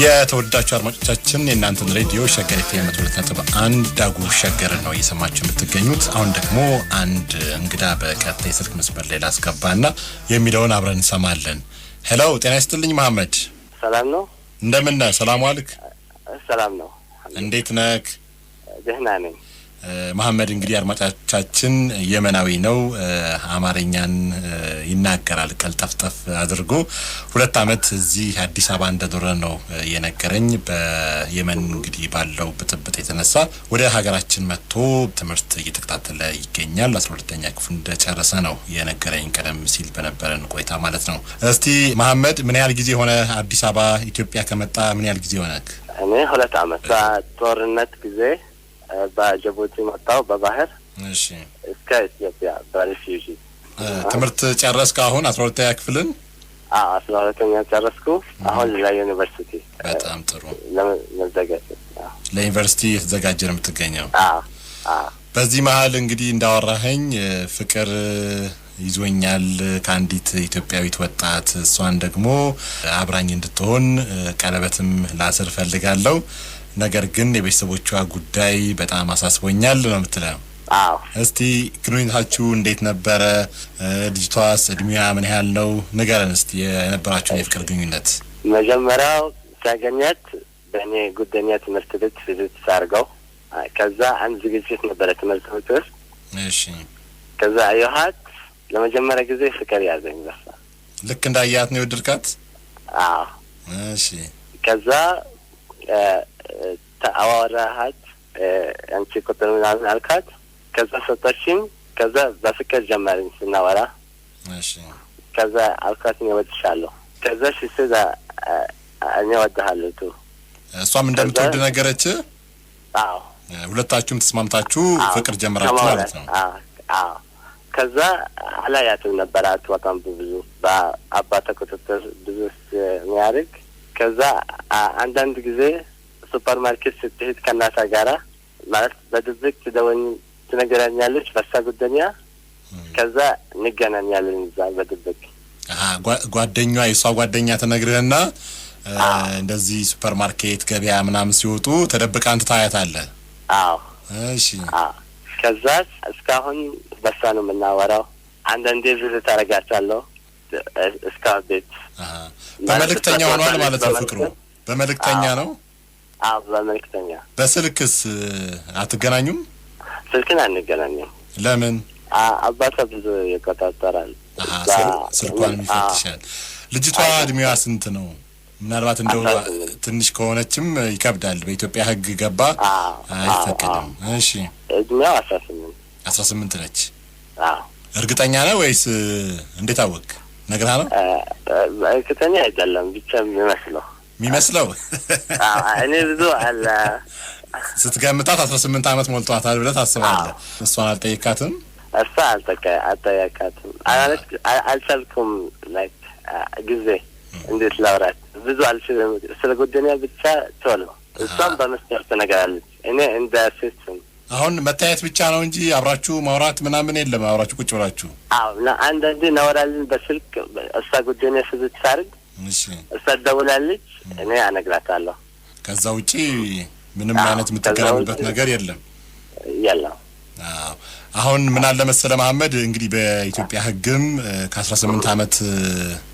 የተወደዳችሁ አድማጮቻችን የእናንተን ሬዲዮ ሸገር ኤፍኤም መቶ ሁለት ነጥብ አንድ ዳጉ ሸገር ነው እየሰማችሁ የምትገኙት። አሁን ደግሞ አንድ እንግዳ በቀጥታ የስልክ መስመር ላይ ላስገባና የሚለውን አብረን እንሰማለን። ሄሎ፣ ጤና ይስጥልኝ መሐመድ። ሰላም ነው? እንደምን ነህ? ሰላም ዋልክ? ሰላም ነው። እንዴት ነህ? ደህና ነኝ። መሐመድ እንግዲህ አድማጮቻችን የመናዊ ነው። አማርኛን ይናገራል ቀልጠፍጠፍ አድርጎ። ሁለት ዓመት እዚህ አዲስ አበባ እንደኖረ ነው የነገረኝ። በየመን እንግዲህ ባለው ብጥብጥ የተነሳ ወደ ሀገራችን መጥቶ ትምህርት እየተከታተለ ይገኛል። አስራ ሁለተኛ ክፍል እንደጨረሰ ነው የነገረኝ፣ ቀደም ሲል በነበረን ቆይታ ማለት ነው። እስቲ መሐመድ ምን ያህል ጊዜ ሆነ አዲስ አበባ ኢትዮጵያ ከመጣ ምን ያህል ጊዜ ሆነ? እኔ ሁለት ዓመት በጦርነት ጊዜ በጅቡቲ መጣው በባህር እሺ እስከ ኢትዮጵያ በሪፊጂ ትምህርት ጨረስክ? አሁን አስራ ሁለተኛ ክፍልን? አስራ ሁለተኛ ጨረስኩ። አሁን ለዩኒቨርሲቲ በጣም ጥሩ መዘጋጀት ለዩኒቨርሲቲ የተዘጋጀ ነው የምትገኘው። በዚህ መሀል እንግዲህ እንዳወራኸኝ ፍቅር ይዞኛል ከአንዲት ኢትዮጵያዊት ወጣት፣ እሷን ደግሞ አብራኝ እንድትሆን ቀለበትም ላስር ፈልጋለሁ ነገር ግን የቤተሰቦቿ ጉዳይ በጣም አሳስቦኛል ነው የምትለው። እስቲ ግንኙነታችሁ እንዴት ነበረ? ልጅቷስ እድሜዋ ምን ያህል ነው? ንገረን እስቲ የነበራችሁን የፍቅር ግንኙነት። መጀመሪያው ሲያገኛት በእኔ ጉደኛ ትምህርት ቤት ፊዚክስ አድርገው፣ ከዛ አንድ ዝግጅት ነበረ ትምህርት ቤት ውስጥ። እሺ ከዛ አየኋት። ለመጀመሪያ ጊዜ ፍቅር ያዘኝ። ልክ እንዳያት ነው የወደድካት? አዎ። እሺ ከዛ አዋራሃት አንቺ ቁጥር ምናምን አልካት። ከዛ ሰጠሽኝ። ከዛ በፍቅር ጀመርን ስናወራ። ከዛ አልኳት እኔ እወድሻለሁ። ከዛ ሽስ እኔ እወድሃለሁ ቱ እሷም እንደምትወድ ነገረች። አዎ ሁለታችሁም ተስማምታችሁ ፍቅር ጀምራችሁ ማለት ነው። ከዛ አላያትም ነበር አትወጣም ብዙ በአባተ ቁጥጥር ብዙ ሚያርግ ከዛ አንዳንድ ጊዜ ሱፐር ማርኬት ስትሄድ ከእናታ ጋራ ማለት በድብቅ ትደወኝ ትነገረኛለች በሳ ጉደኛ ከዛ እንገናኛለን እዛ በድብቅ ጓደኛ የእሷ ጓደኛ ትነግርህና እንደዚህ ሱፐር ማርኬት ገበያ ምናምን ሲወጡ ተደብቃ አንተ ታያታለህ። አዎ እሺ። ከዛ እስካሁን በሳ ነው የምናወራው። አንዳንዴ ብር ታረጋቻለሁ እስካርዴት በመልእክተኛ ሆኗል ማለት ነው። ፍቅሩ በመልእክተኛ ነው። አዎ በመልእክተኛ። በስልክስ አትገናኙም? ስልክን አንገናኝም። ለምን? አባቷ ብዙ ይቆጣጠራል። ስልኳን ይፈትሻል። ልጅቷ እድሜዋ ስንት ነው? ምናልባት እንደው ትንሽ ከሆነችም ይከብዳል። በኢትዮጵያ ሕግ ገባ አይፈቀድም። እሺ እድሜዋ አስራ ስምንት አስራ ስምንት ነች። እርግጠኛ ነህ ወይስ እንዴት አወቅ? ነግርሃለሁ። እርግጠኛ አይደለም ብቻ የሚመስለው የሚመስለው እኔ ብዙ አለ ስትገምታት አስራ ስምንት አመት ሞልቷታል ብለህ ታስባለህ። እሷን አልጠየካትም? እሷ አልጠየካትም። አልቻልኩም። ላይክ ጊዜ እንዴት ላውራት ብዙ አልችልም። ስለ ጓደኛ ብቻ ቶሎ እሷም በመስመር ትነግራለች። እኔ እንደ ሴት አሁን መታየት ብቻ ነው እንጂ አብራችሁ ማውራት ምናምን የለም። አብራችሁ ቁጭ ብላችሁ አንዳንድ እናወራለን በስልክ እሷ ጉዳዩን ያስዙት ሳርግ እሷ ትደውላለች፣ እኔ አነግራታለሁ። ከዛ ውጪ ምንም አይነት የምትገናኙበት ነገር የለም የለም። አሁን ምን አለ መሰለ መሀመድ እንግዲህ በኢትዮጵያ ሕግም ከአስራ ስምንት አመት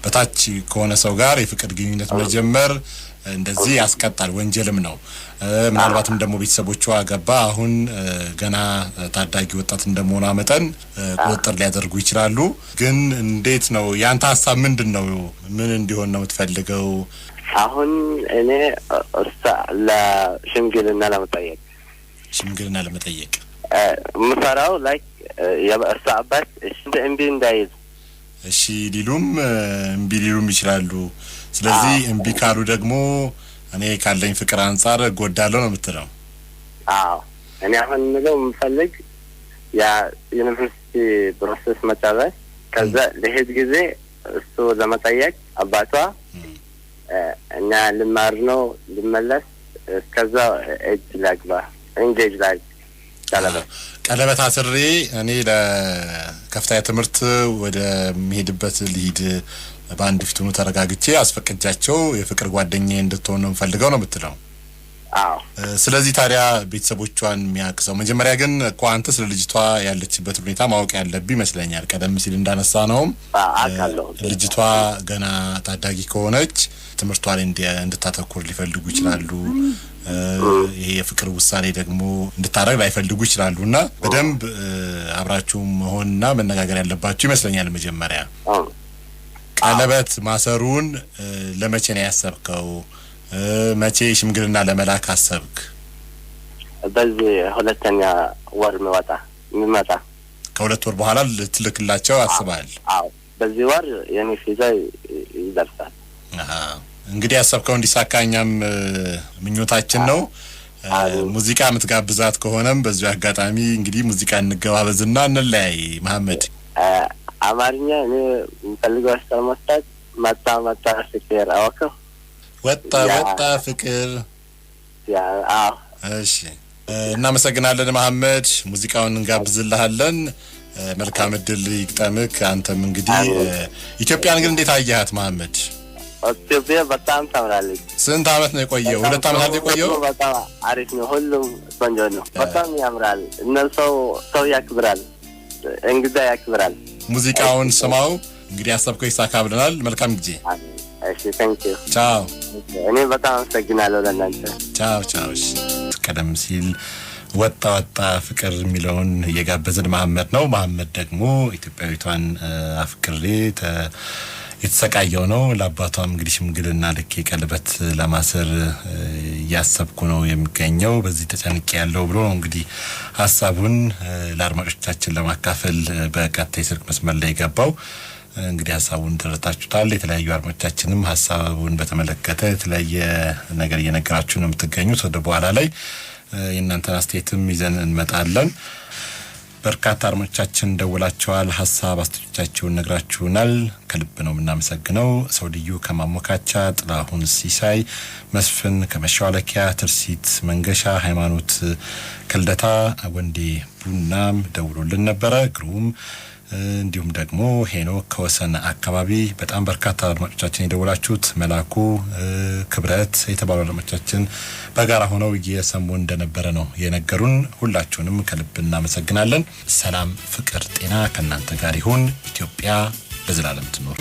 በታች ከሆነ ሰው ጋር የፍቅር ግንኙነት መጀመር እንደዚህ ያስቀጣል፣ ወንጀልም ነው። ምናልባትም ደግሞ ቤተሰቦቿ ገባ አሁን ገና ታዳጊ ወጣት እንደመሆኗ መጠን ቁጥጥር ሊያደርጉ ይችላሉ። ግን እንዴት ነው ያንተ ሀሳብ ምንድን ነው? ምን እንዲሆን ነው የምትፈልገው? አሁን እኔ እሷ ለሽምግልና ለመጠየቅ ሽምግልና ለመጠየቅ ምሰራው ላይ የእሷ አባት እሺ እምቢ እንዳይል እሺ ሊሉም እምቢ ሊሉም ይችላሉ ስለዚህ እምቢ ካሉ ደግሞ እኔ ካለኝ ፍቅር አንጻር እጎዳለሁ ነው የምትለው? አዎ እኔ አሁን እንለው የምፈልግ ያ ዩኒቨርሲቲ ፕሮሰስ መጨረስ፣ ከዛ ለሄድ ጊዜ እሱ ለመጠየቅ አባቷ እኛ ልማር ነው ልመለስ፣ እስከዛ እጅ ላግባ እንጌጅ ላግ ቀለበት አስሬ እኔ ለከፍተኛ ትምህርት ወደ ሚሄድበት ልሂድ በአንድ ፊት ሆኖ ተረጋግቼ አስፈቅጃቸው የፍቅር ጓደኛዬ እንድትሆን ነው የምፈልገው ነው የምትለው። ስለዚህ ታዲያ ቤተሰቦቿን የሚያቅሰው ሰው መጀመሪያ ግን እኮ አንተ ስለ ልጅቷ ያለችበት ሁኔታ ማወቅ ያለብህ ይመስለኛል። ቀደም ሲል እንዳነሳ ነውም ልጅቷ ገና ታዳጊ ከሆነች ትምህርቷ ላይ እንድታተኩር ሊፈልጉ ይችላሉ። ይሄ የፍቅር ውሳኔ ደግሞ እንድታደርግ ላይፈልጉ ይችላሉ እና በደንብ አብራችሁ መሆንና መነጋገር ያለባችሁ ይመስለኛል መጀመሪያ ቀለበት ማሰሩን ለመቼ ነው ያሰብከው? መቼ ሽምግልና ለመላክ አሰብክ? በዚህ ሁለተኛ ወር የሚወጣ የሚመጣ ከሁለት ወር በኋላ ልትልክላቸው አስበሃል? አዎ፣ በዚህ ወር የኔ ፊዛ ይደርሳል። እንግዲህ ያሰብከው እንዲሳካ እኛም ምኞታችን ነው። ሙዚቃ የምትጋብዛት ከሆነም በዚሁ አጋጣሚ እንግዲህ ሙዚቃ እንገባበዝና እንለያይ። መሀመድ አማርኛ እኔ የምፈልገው አስተር መጣ መጣ ፍቅር አወከው ወጣ ወጣ ፍቅር። እሺ እናመሰግናለን መሐመድ፣ ሙዚቃውን እንጋብዝልሃለን። መልካም እድል ይግጠምክ። አንተም እንግዲህ ኢትዮጵያን ግን እንዴት አየሃት መሐመድ? ኢትዮጵያ በጣም ታምራለች። ስንት አመት ነው የቆየው? ሁለት አመት አለ የቆየው። በጣም አሪፍ ነው። ሁሉም ቆንጆ ነው። በጣም ያምራል። እነሰው ሰው ያክብራል፣ እንግዳ ያክብራል። ሙዚቃውን ስማው። እንግዲህ አሰብከው ይሳካ ብለናል። መልካም ጊዜ። ቻው። እኔ በጣም አመሰግናለሁ ለእናንተ። ቻው ቻው። ቀደም ሲል ወጣ ወጣ ፍቅር የሚለውን እየጋበዝን መሀመድ ነው። መሀመድ ደግሞ ኢትዮጵያዊቷን አፍቅሬ የተሰቃየው ነው። ለአባቷም እንግዲህ ሽምግልና ልኬ ቀለበት ለማሰር እያሰብኩ ነው የሚገኘው በዚህ ተጨንቅ ያለው ብሎ ነው እንግዲህ ሀሳቡን ለአድማጮቻችን ለማካፈል በቀጥታ የስልክ መስመር ላይ የገባው። እንግዲህ ሀሳቡን ተረታችሁታል። የተለያዩ አድማጮቻችንም ሀሳቡን በተመለከተ የተለያየ ነገር እየነገራችሁ ነው የምትገኙት። ወደ በኋላ ላይ የእናንተን አስተያየትም ይዘን እንመጣለን። በርካታ አድማጮቻችን ደውላቸዋል። ሀሳብ አስተያየቶቻችሁን ነግራችሁናል። ከልብ ነው የምናመሰግነው። ሰው ልዩ ከማሞካቻ፣ ጥላሁን ሲሳይ፣ መስፍን ከመሸዋለኪያ፣ ትርሲት መንገሻ፣ ሃይማኖት ክልደታ፣ ወንዴ ቡናም ደውሎልን ነበረ። ግሩም እንዲሁም ደግሞ ሄኖክ ከወሰን አካባቢ በጣም በርካታ አድማጮቻችን የደወላችሁት መላኩ ክብረት የተባሉ አድማጮቻችን በጋራ ሆነው እየሰሙ እንደነበረ ነው የነገሩን። ሁላችሁንም ከልብ እናመሰግናለን። ሰላም፣ ፍቅር፣ ጤና ከእናንተ ጋር ይሁን። ኢትዮጵያ ለዘላለም ትኖር።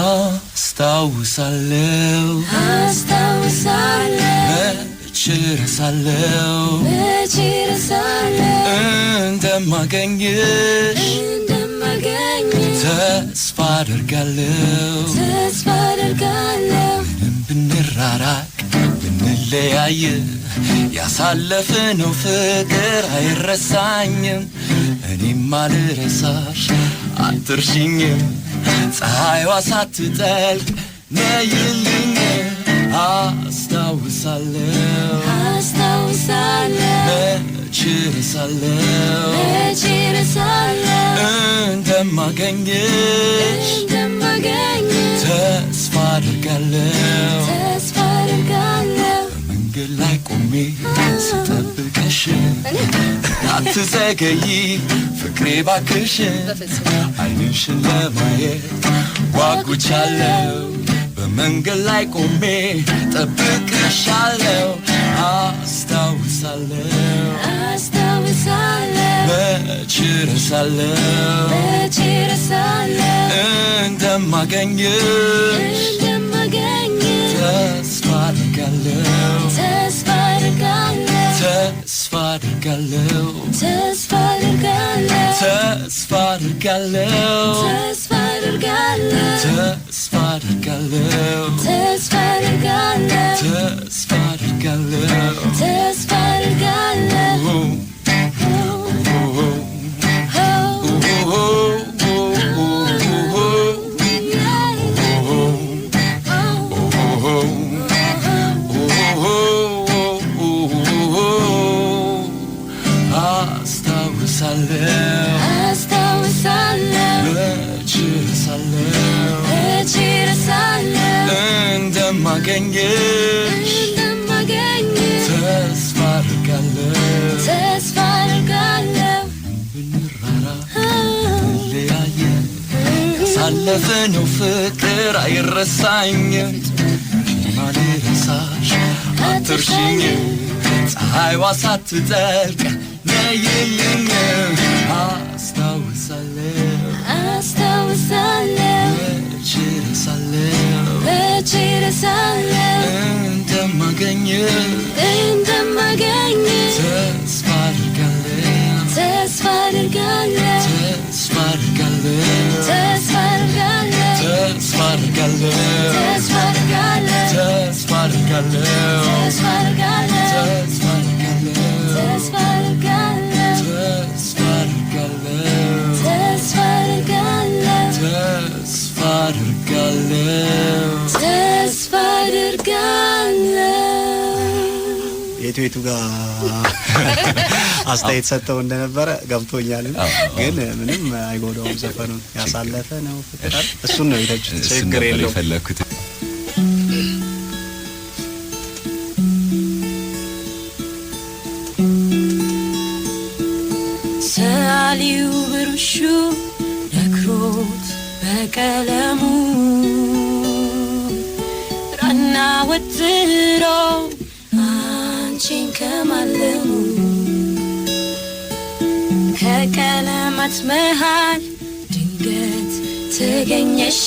አስታውሳለሁ አስታውሳለሁ መች ረሳለው እንደማገኝሽ ተስፋ አደርጋለው ምንም ብንራራቅ ብንለያይ ያሳለፍነው ፍቅር አይረሳኝም። እኔም አልረሳሽ አትርሽኝም ፀሐይዋ ሳትጠልቅ ነይልኝ አስታውሳለሁ አስታውሳለሁ መች ረሳለሁ መች ረሳለሁ እንደማገኝሽ እንደማገኝሽ ተስፋ አድርጋለሁ ተስፋ አድርጋለሁ መንገድ ላይ ቆሜ ስጠብቅሽ አትዘገይ ፍቅሬ ባክሽ አይንሽን ለማየት ጓጉቻለሁ መንገድ ላይ ቆሜ ጠብቅሻለው አስታውሳለው በችርሳለው እንደማገኝሽ ተስፋ አድርጋለው ተስፋ አድርጋለው ተስፋ አድርጋለው ተስፋ ነው ፍቅር አይረሳኝም። ማልረሳሽ አትርሽኝ ፀሐይዋ ሳትጠልቅ ነይልኝ። አስታውሳለሁ አስታውሳለሁ ረሳለሁ ረሳለሁ እንደማገኝሽ እንደማገኝሽ ተስፋ አድርጋለሁ ተስፋ አድርጋለሁ ተስፋ አድርጋለሁ ተስፋ አድርጋለሁ ቤቱ ቤቱ ጋር አስተያየት ሰጥተው እንደነበረ ገብቶኛል። ግን ምንም አይጎዳውም። ዘፈኑ ያሳለፈ ነው እሱን ነው የተችት ችግር የለው የፈለግኩት ሰዓሊው ብሩሹ ነክሮት በቀለሙ ራና ወትሮ ተሸማለሙ ከቀለማት መሃል ድንገት ተገኘሽ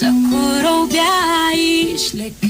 ተኩረው ቢያይሽ ለካ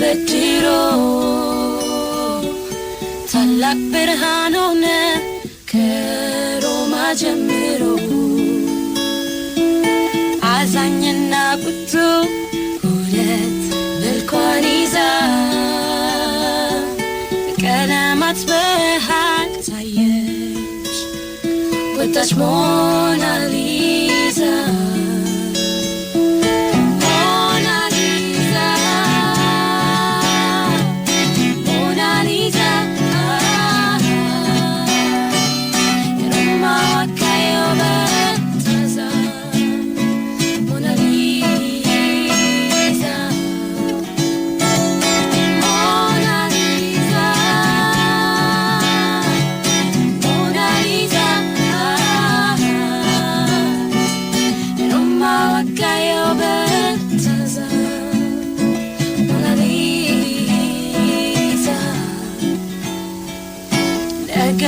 በድሮ ታላቅ ብርሃን ሆነ ከሮማ ጀምሮ አዛኝና ቁጡ ሁለት መልኳን ይዛ ቀለማት በሀቅ ታየች ወጣች ሞናሊ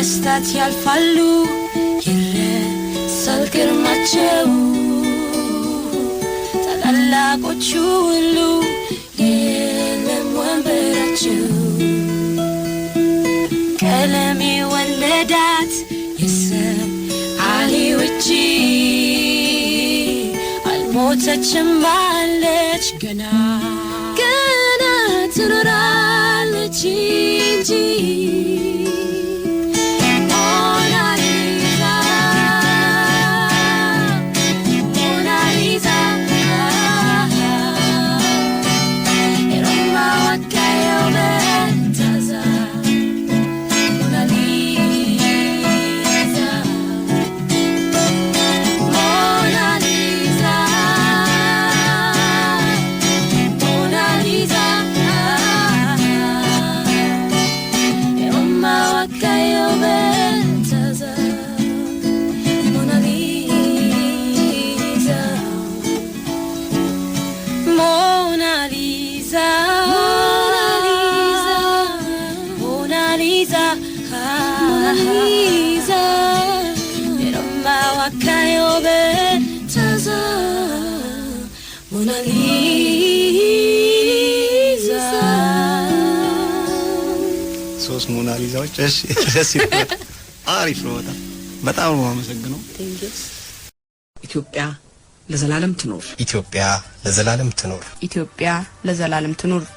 Stati al fallu, il re salker macheu, tadalla cochulu, il le muembera የሞተችማለች ገና ገና ትኖራለች እንጂ ሞናሊዛዎች። እሺ ደስ አሪፍ ነው በጣም በጣም ነው የማመሰግነው። ኢትዮጵያ ለዘላለም ትኖር። ኢትዮጵያ ለዘላለም ትኖር። ኢትዮጵያ ለዘላለም ትኖር።